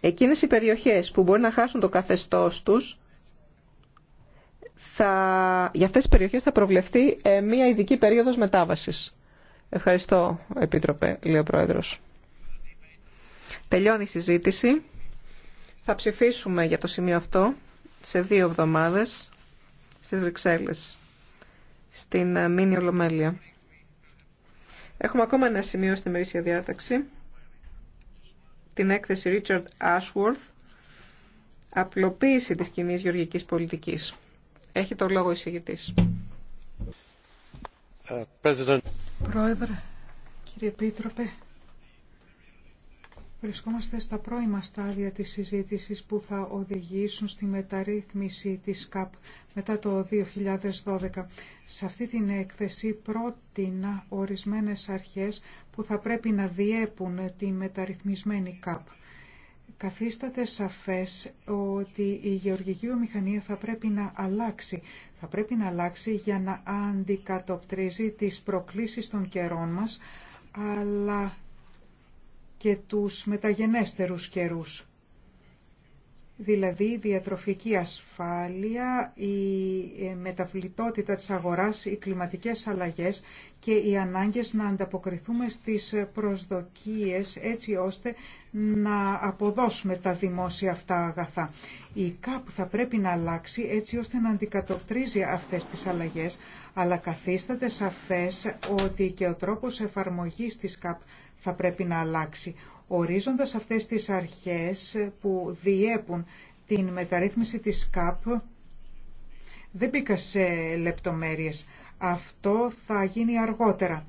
εκείνες οι περιοχές που μπορεί να χάσουν το καθεστώς τους, θα, για αυτές τις περιοχές θα προβλεφθεί ε, μία ειδική περίοδος μετάβασης. Ευχαριστώ, Επίτροπε, λέει Πρόεδρος. Τελειώνει η συζήτηση. Θα ψηφίσουμε για το σημείο αυτό σε δύο εβδομάδες στις Βρυξέλλες, στην ε, Μίνη Ολομέλεια. Έχουμε ακόμα ένα σημείο στη μερίσια διάταξη την έκθεση Richard Ashworth «Απλοποίηση της κοινή γεωργικής πολιτικής». Έχει το λόγο εισηγητής. Ε, Πρόεδρε, κύριε Πίτροπε, Βρισκόμαστε στα πρώιμα στάδια της συζήτησης που θα οδηγήσουν στη μεταρρύθμιση της ΚΑΠ μετά το 2012. Σε αυτή την έκθεση πρότεινα ορισμένες αρχές που θα πρέπει να διέπουν τη μεταρρυθμισμένη ΚΑΠ. Καθίσταται σαφές ότι η γεωργική ομιχανία θα πρέπει να αλλάξει. Θα πρέπει να αλλάξει για να αντικατοπτρίζει τις προκλήσεις των καιρών μας, αλλά και τους μεταγενέστερους καιρούς δηλαδή η διατροφική ασφάλεια, η ε, μεταβλητότητα της αγοράς, οι κλιματικές αλλαγές και οι ανάγκες να ανταποκριθούμε στις προσδοκίες έτσι ώστε να αποδώσουμε τα δημόσια αυτά αγαθά. Η ΚΑΠ θα πρέπει να αλλάξει έτσι ώστε να αντικατοπτρίζει αυτές τις αλλαγές, αλλά καθίσταται σαφές ότι και ο τρόπος εφαρμογής της ΚΑΠ θα πρέπει να αλλάξει Ορίζοντας αυτές τις αρχές που διέπουν την μεταρρύθμιση της ΚΑΠ, δεν μπήκα σε λεπτομέρειες. Αυτό θα γίνει αργότερα.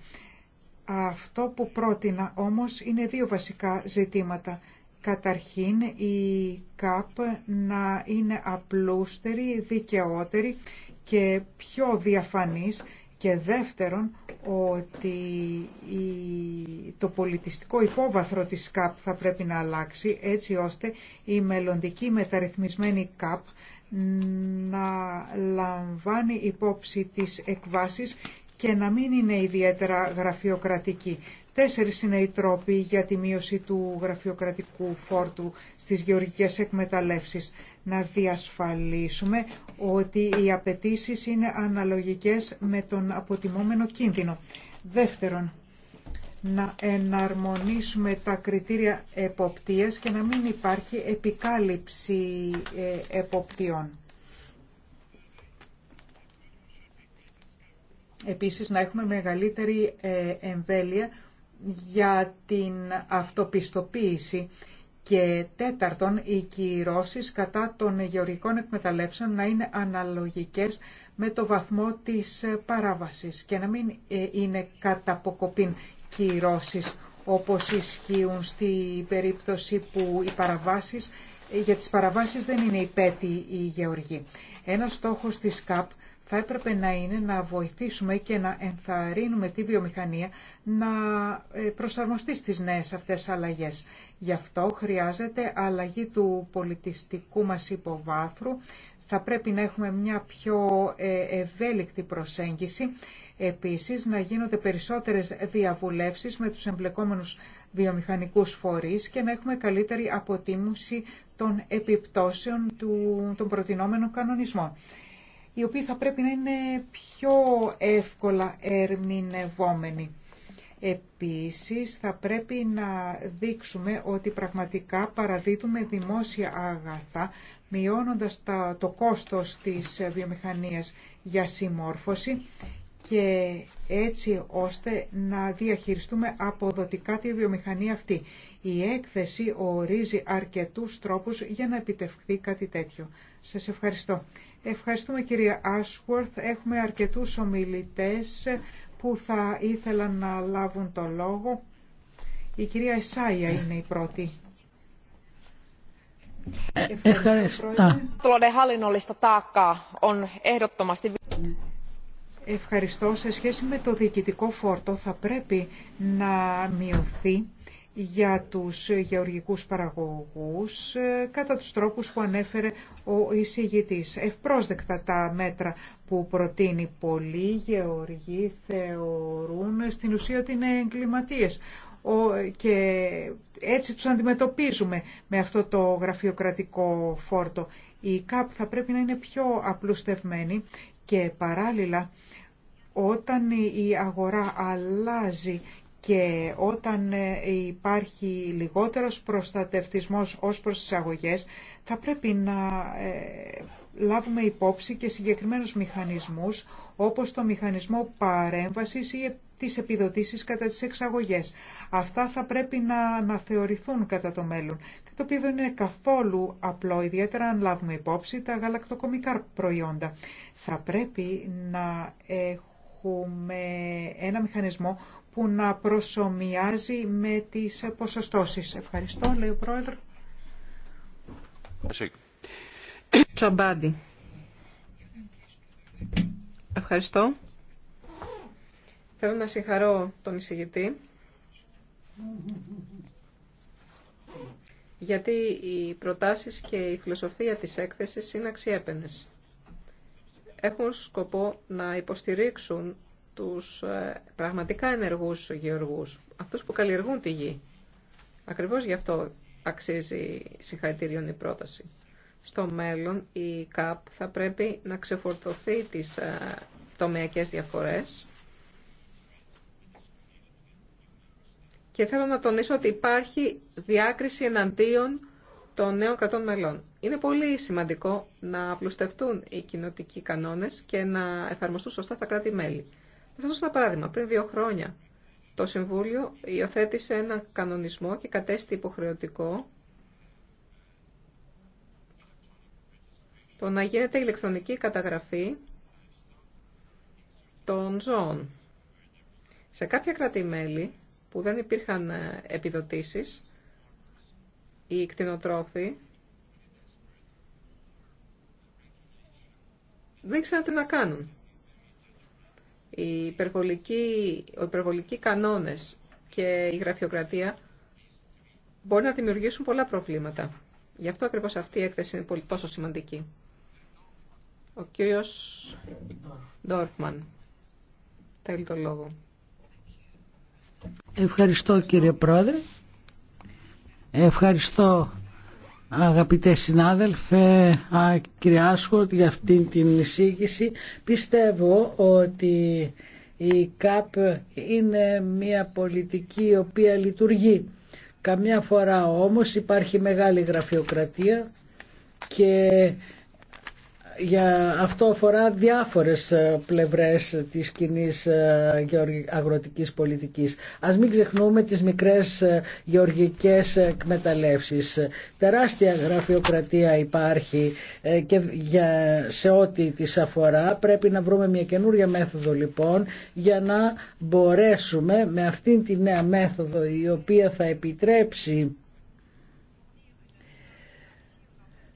Αυτό που πρότεινα όμως είναι δύο βασικά ζητήματα. Καταρχήν η ΚΑΠ να είναι απλούστερη, δικαιότερη και πιο διαφανής και δεύτερον ότι το πολιτιστικό υπόβαθρο της ΚΑΠ θα πρέπει να αλλάξει έτσι ώστε η μελλοντική μεταρρυθμισμένη ΚΑΠ να λαμβάνει υπόψη τις εκβάσεις και να μην είναι ιδιαίτερα γραφειοκρατική. Τέσσερις είναι οι τρόποι για τη μείωση του γραφειοκρατικού φόρτου στις γεωργικές εκμεταλλεύσεις. Να διασφαλίσουμε ότι οι απαιτήσει είναι αναλογικές με τον αποτιμόμενο κίνδυνο. Δεύτερον, να εναρμονίσουμε τα κριτήρια εποπτείας και να μην υπάρχει επικάλυψη ε, εποπτείων. επίσης να έχουμε μεγαλύτερη ε, εμβέλεια για την αυτοπιστοποίηση και τέταρτον οι κυρώσεις κατά των γεωργικών εκμεταλλεύσεων να είναι αναλογικές με το βαθμό της ε, παράβασης και να μην ε, είναι καταποκοπήν κυρώσεις όπως ισχύουν στην περίπτωση που οι παραβάσεις, για τις παραβάσεις δεν είναι υπέτη η γεωργή. Ένας στόχος της ΚΑΠ θα έπρεπε να είναι να βοηθήσουμε και να ενθαρρύνουμε τη βιομηχανία να ε, προσαρμοστεί στις νέες αυτές αλλαγές. Γι' αυτό χρειάζεται αλλαγή του πολιτιστικού μας υποβάθρου. Θα πρέπει να έχουμε μια πιο ε, ευέλικτη προσέγγιση. Επίσης, να γίνονται περισσότερες διαβουλεύσεις με τους εμπλεκόμενους βιομηχανικούς φορείς και να έχουμε καλύτερη αποτίμηση των επιπτώσεων του, των προτινόμενων κανονισμών οι οποίοι θα πρέπει να είναι πιο εύκολα ερμηνευόμενοι. Επίσης, θα πρέπει να δείξουμε ότι πραγματικά παραδίδουμε δημόσια αγαθά, μειώνοντας το κόστος της βιομηχανίας για συμμόρφωση και έτσι ώστε να διαχειριστούμε αποδοτικά τη βιομηχανία αυτή. Η έκθεση ορίζει αρκετούς τρόπους για να επιτευχθεί κάτι τέτοιο. Σας ευχαριστώ. Ευχαριστούμε κυρία Ashworth. Έχουμε αρκετούς ομιλητές που θα ήθελαν να λάβουν το λόγο. Η κυρία Εσάια είναι η πρώτη. Ευχαριστώ. Σε σχέση με το διοικητικό φόρτο θα πρέπει να μειωθεί για τους γεωργικούς παραγωγούς ε, κατά τους τρόπους που ανέφερε ο εισηγητής. Ευπρόσδεκτα τα μέτρα που προτείνει πολλοί γεωργοί θεωρούν στην ουσία ότι είναι εγκληματίες και έτσι τους αντιμετωπίζουμε με αυτό το γραφειοκρατικό φόρτο. Η ΚΑΠ θα πρέπει να είναι πιο απλουστευμένη και παράλληλα όταν η αγορά αλλάζει και όταν ε, υπάρχει λιγότερος προστατευτισμός ως προς τις αγωγές θα πρέπει να ε, λάβουμε υπόψη και συγκεκριμένους μηχανισμούς όπως το μηχανισμό παρέμβασης ή τις επιδοτήσεις κατά τις εξαγωγές. Αυτά θα πρέπει να αναθεωρηθούν κατά το μέλλον, το οποίο δεν είναι καθόλου απλό, ιδιαίτερα αν λάβουμε υπόψη τα γαλακτοκομικά προϊόντα. Θα πρέπει να έχουμε ένα μηχανισμό που να προσωμιάζει με τις ποσοστώσεις. Ευχαριστώ, λέει ο Πρόεδρο. Τσαμπάντη. Ευχαριστώ. Θέλω να συγχαρώ τον εισηγητή γιατί οι προτάσεις και η φιλοσοφία της έκθεσης είναι αξιέπαινες. Έχουν σκοπό να υποστηρίξουν τους ε, πραγματικά ενεργούς γεωργούς, αυτούς που καλλιεργούν τη γη. Ακριβώς γι' αυτό αξίζει συγχαρητήριον η πρόταση. Στο μέλλον η ΚΑΠ θα πρέπει να ξεφορτωθεί τις ε, τομεακές διαφορές και θέλω να τονίσω ότι υπάρχει διάκριση εναντίον των νέων κρατών μελών. Είναι πολύ σημαντικό να απλουστευτούν οι κοινοτικοί κανόνες και να εφαρμοστούν σωστά στα κράτη-μέλη. Θα δώσω ένα παράδειγμα. Πριν δύο χρόνια το Συμβούλιο υιοθέτησε ένα κανονισμό και κατέστη υποχρεωτικό το να γίνεται ηλεκτρονική καταγραφή των ζώων. Σε κάποια κρατημέλη που δεν υπήρχαν ε, επιδοτήσεις, οι κτηνοτρόφοι δεν ήξεραν τι να κάνουν οι υπερβολικοί, οι κανόνες και η γραφειοκρατία μπορεί να δημιουργήσουν πολλά προβλήματα. Γι' αυτό ακριβώς αυτή η έκθεση είναι πολύ, τόσο σημαντική. Ο κύριος Ντόρφμαν θέλει το λόγο. Ευχαριστώ κύριε Πρόεδρε. Ευχαριστώ Αγαπητέ συνάδελφε, κύριε Άσχορτ, για αυτήν την εισήγηση πιστεύω ότι η ΚΑΠ είναι μια πολιτική η οποία λειτουργεί. Καμιά φορά όμως υπάρχει μεγάλη γραφειοκρατία και για αυτό αφορά διάφορες ε, πλευρές της κοινή ε, αγροτικής πολιτικής. Ας μην ξεχνούμε τις μικρές ε, γεωργικές εκμεταλλεύσεις. Τεράστια γραφειοκρατία υπάρχει και για, σε ό,τι τις αφορά πρέπει να βρούμε μια καινούρια μέθοδο λοιπόν για να μπορέσουμε με αυτήν τη νέα μέθοδο η οποία θα επιτρέψει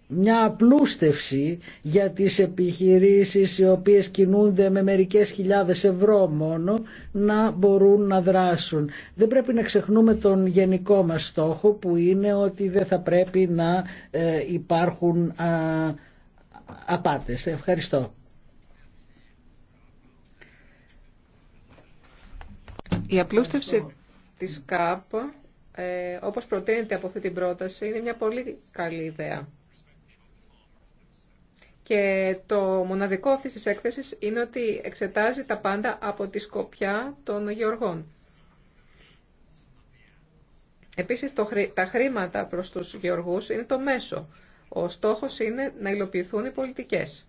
μια απλούστευση για τις επιχειρήσεις οι οποίες κινούνται με μερικές χιλιάδες ευρώ μόνο να μπορούν να δράσουν. Δεν πρέπει να ξεχνούμε τον γενικό μας στόχο που είναι ότι δεν θα πρέπει να ε, υπάρχουν απάτες. Ευχαριστώ. Η απλούστευση της ΚΑΠ, ε, όπως προτείνεται από αυτή την πρόταση, είναι μια πολύ καλή ιδέα. Και το μοναδικό αυτής της έκθεσης είναι ότι εξετάζει τα πάντα από τη σκοπιά των γεωργών. Επίσης, το, τα χρήματα προς τους γεωργούς είναι το μέσο. Ο στόχος είναι να υλοποιηθούν οι πολιτικές.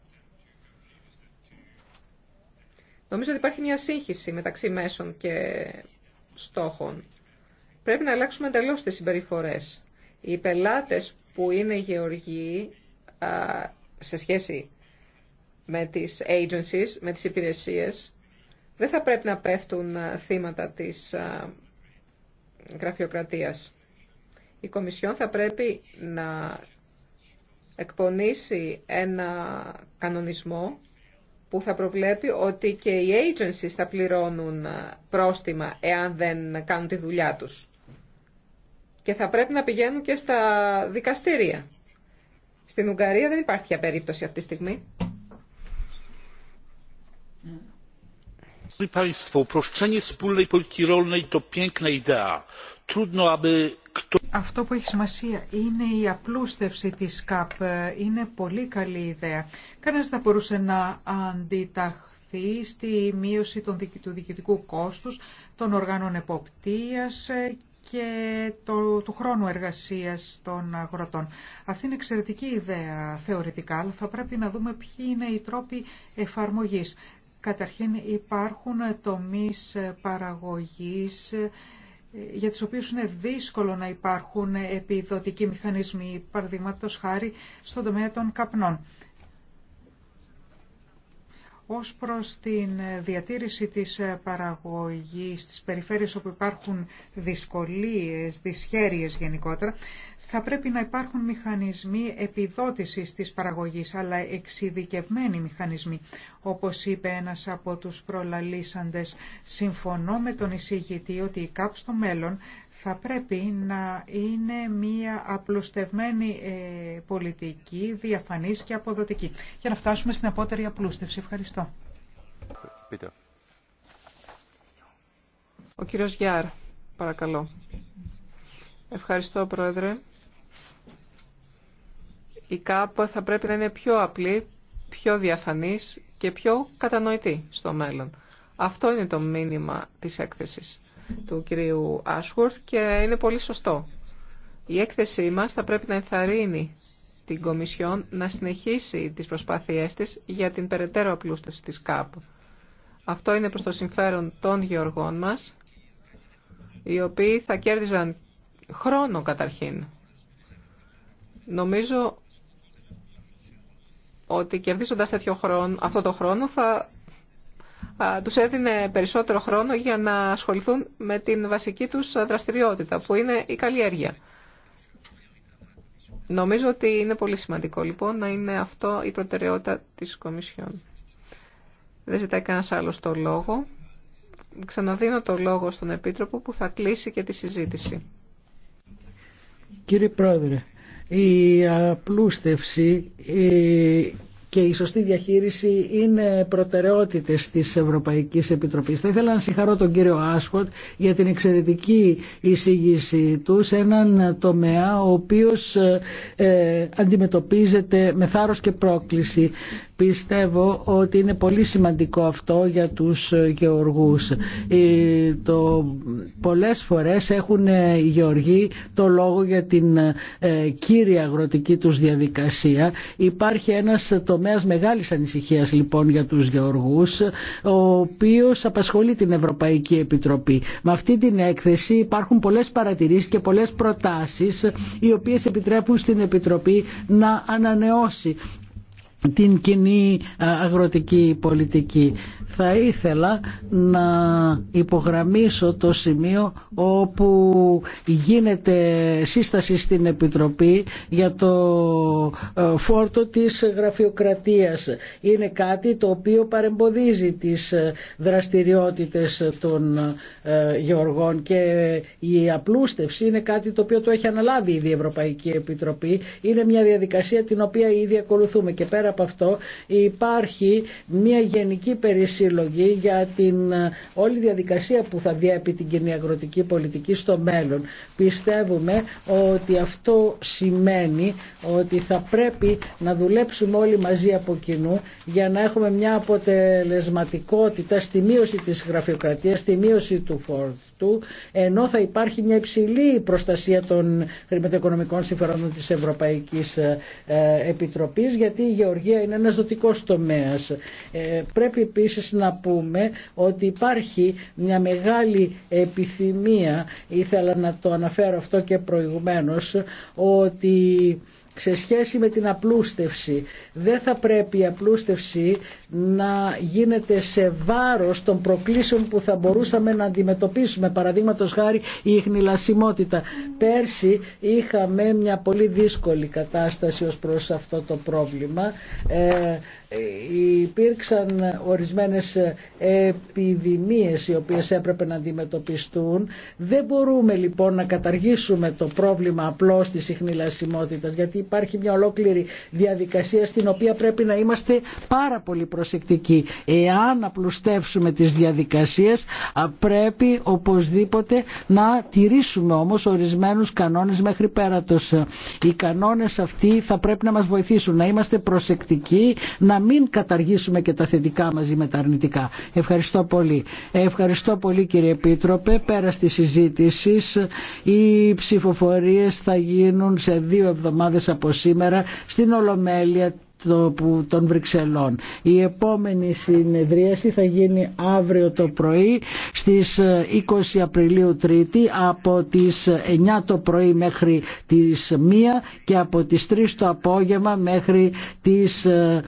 Νομίζω ότι υπάρχει μια σύγχυση μεταξύ μέσων και στόχων. Πρέπει να αλλάξουμε εντελώ τις συμπεριφορές. Οι πελάτες που είναι γεωργοί σε σχέση με τις agencies, με τις υπηρεσίες, δεν θα πρέπει να πέφτουν θύματα της γραφειοκρατίας. Η Κομισιόν θα πρέπει να εκπονήσει ένα κανονισμό που θα προβλέπει ότι και οι agencies θα πληρώνουν πρόστιμα εάν δεν κάνουν τη δουλειά τους. Και θα πρέπει να πηγαίνουν και στα δικαστήρια. Στην Ουγγαρία δεν υπάρχει πια περίπτωση αυτή τη στιγμή. Αυτό που έχει σημασία είναι η απλούστευση της ΚΑΠ. Είναι πολύ καλή ιδέα. Κανένας θα μπορούσε να αντιταχθεί στη μείωση του διοικητικού κόστους των οργάνων εποπτείας και το, του χρόνου εργασίας των αγροτών. Αυτή είναι εξαιρετική ιδέα θεωρητικά, αλλά θα πρέπει να δούμε ποιοι είναι οι τρόποι εφαρμογής. Καταρχήν υπάρχουν τομείς παραγωγής ε, για τις οποίες είναι δύσκολο να υπάρχουν επιδοτικοί μηχανισμοί, παραδείγματος χάρη στον τομέα των καπνών. Ως προς την διατήρηση της παραγωγής στις περιφέρειες όπου υπάρχουν δυσκολίες, δυσχέρειες γενικότερα, θα πρέπει να υπάρχουν μηχανισμοί επιδότησης της παραγωγής, αλλά εξειδικευμένοι μηχανισμοί. Όπως είπε ένας από τους προλαλήσαντες, συμφωνώ με τον εισηγητή ότι η ΚΑΠ στο μέλλον θα πρέπει να είναι μία απλουστευμένη ε, πολιτική, διαφανής και αποδοτική. Για να φτάσουμε στην απότερη απλούστευση. Ευχαριστώ. Ο κύριος Γιάρ, παρακαλώ. Ευχαριστώ, Πρόεδρε. Η ΚΑΠ θα πρέπει να είναι πιο απλή, πιο διαφανής και πιο κατανοητή στο μέλλον. Αυτό είναι το μήνυμα της έκθεσης του κυρίου Ashworth και είναι πολύ σωστό. Η έκθεσή μας θα πρέπει να ενθαρρύνει την Κομισιόν να συνεχίσει τις προσπάθειές της για την περαιτέρω απλούστευση της ΚΑΠ. Αυτό είναι προς το συμφέρον των γεωργών μας, οι οποίοι θα κέρδιζαν χρόνο καταρχήν. Νομίζω ότι κερδίζοντας τέτοιο αυτό το χρόνο θα τους έδινε περισσότερο χρόνο για να ασχοληθούν με την βασική τους δραστηριότητα, που είναι η καλλιέργεια. Νομίζω ότι είναι πολύ σημαντικό λοιπόν να είναι αυτό η προτεραιότητα της Κομισιόν. Δεν ζητάει κανένα άλλο το λόγο. Ξαναδίνω το λόγο στον Επίτροπο που θα κλείσει και τη συζήτηση. Κύριε Πρόεδρε, η απλούστευση και η σωστή διαχείριση είναι προτεραιότητες της Ευρωπαϊκής Επιτροπής. Θα ήθελα να συγχαρώ τον κύριο Άσχοτ για την εξαιρετική εισήγηση του σε έναν τομέα ο οποίος ε, αντιμετωπίζεται με θάρρος και πρόκληση. Πιστεύω ότι είναι πολύ σημαντικό αυτό για τους γεωργούς. Ε, το, πολλές φορές έχουν ε, οι γεωργοί το λόγο για την κύρια αγροτική τους διαδικασία. Υπάρχει ένας τομέας μεγάλης ανησυχίας λοιπόν για τους γεωργούς ο οποίος απασχολεί την Ευρωπαϊκή Επιτροπή. Με αυτή την έκθεση υπάρχουν πολλές παρατηρήσεις και πολλές προτάσεις οι οποίες επιτρέπουν στην Επιτροπή να ανανεώσει την κοινή αγροτική πολιτική θα ήθελα να υπογραμμίσω το σημείο όπου γίνεται σύσταση στην Επιτροπή για το ε, φόρτο της γραφειοκρατίας. Είναι κάτι το οποίο παρεμποδίζει τις ε, δραστηριότητες των ε, γεωργών και η απλούστευση είναι κάτι το οποίο το έχει αναλάβει ήδη η Ευρωπαϊκή Επιτροπή. Είναι μια διαδικασία την οποία ήδη ακολουθούμε και πέρα από αυτό υπάρχει μια γενική περισσότερη συλλογή για την ε, όλη διαδικασία που θα διέπει την κοινή αγροτική πολιτική στο μέλλον. Πιστεύουμε ότι αυτό σημαίνει ότι θα πρέπει να δουλέψουμε όλοι μαζί από κοινού για να έχουμε μια αποτελεσματικότητα στη μείωση της γραφειοκρατίας, στη μείωση του φόρτου ενώ θα υπάρχει μια υψηλή προστασία των χρηματοοικονομικών συμφερόντων της Ευρωπαϊκής ε, ε, Επιτροπής, γιατί η γεωργία είναι ένας δοτικός τομέας. Ε, πρέπει επίσης να πούμε ότι υπάρχει μια μεγάλη επιθυμία, ήθελα να το αναφέρω αυτό και προηγουμένως, ότι σε σχέση με την απλούστευση. Δεν θα πρέπει η απλούστευση να γίνεται σε βάρος των προκλήσεων που θα μπορούσαμε να αντιμετωπίσουμε. Παραδείγματο χάρη η ιχνηλασιμότητα. Πέρσι είχαμε μια πολύ δύσκολη κατάσταση ως προς αυτό το πρόβλημα. Ε, ε, υπήρξαν ορισμένες ε, επιδημίες οι οποίες έπρεπε να αντιμετωπιστούν. Δεν μπορούμε λοιπόν να καταργήσουμε το πρόβλημα απλώς της συχνηλασιμότητας γιατί υπάρχει μια ολόκληρη διαδικασία στην οποία πρέπει να είμαστε πάρα πολύ προσεκτικοί. Εάν απλουστεύσουμε τις διαδικασίες πρέπει οπωσδήποτε να τηρήσουμε όμως ορισμένους κανόνες μέχρι πέρατος. Οι κανόνες αυτοί θα πρέπει να μας βοηθήσουν να είμαστε προσεκτικοί, να να μην καταργήσουμε και τα θετικά μαζί με τα αρνητικά. Ευχαριστώ πολύ. Ευχαριστώ πολύ κύριε Επίτροπε. Πέρα στη συζήτηση οι ψηφοφορίες θα γίνουν σε δύο εβδομάδες από σήμερα στην Ολομέλεια των Βρυξελών. Η επόμενη συνεδρίαση θα γίνει αύριο το πρωί στις 20 ε, Απριλίου Τρίτη από τις 9 το πρωί μέχρι τις 1 και από τις 3 το απόγευμα μέχρι τις ε,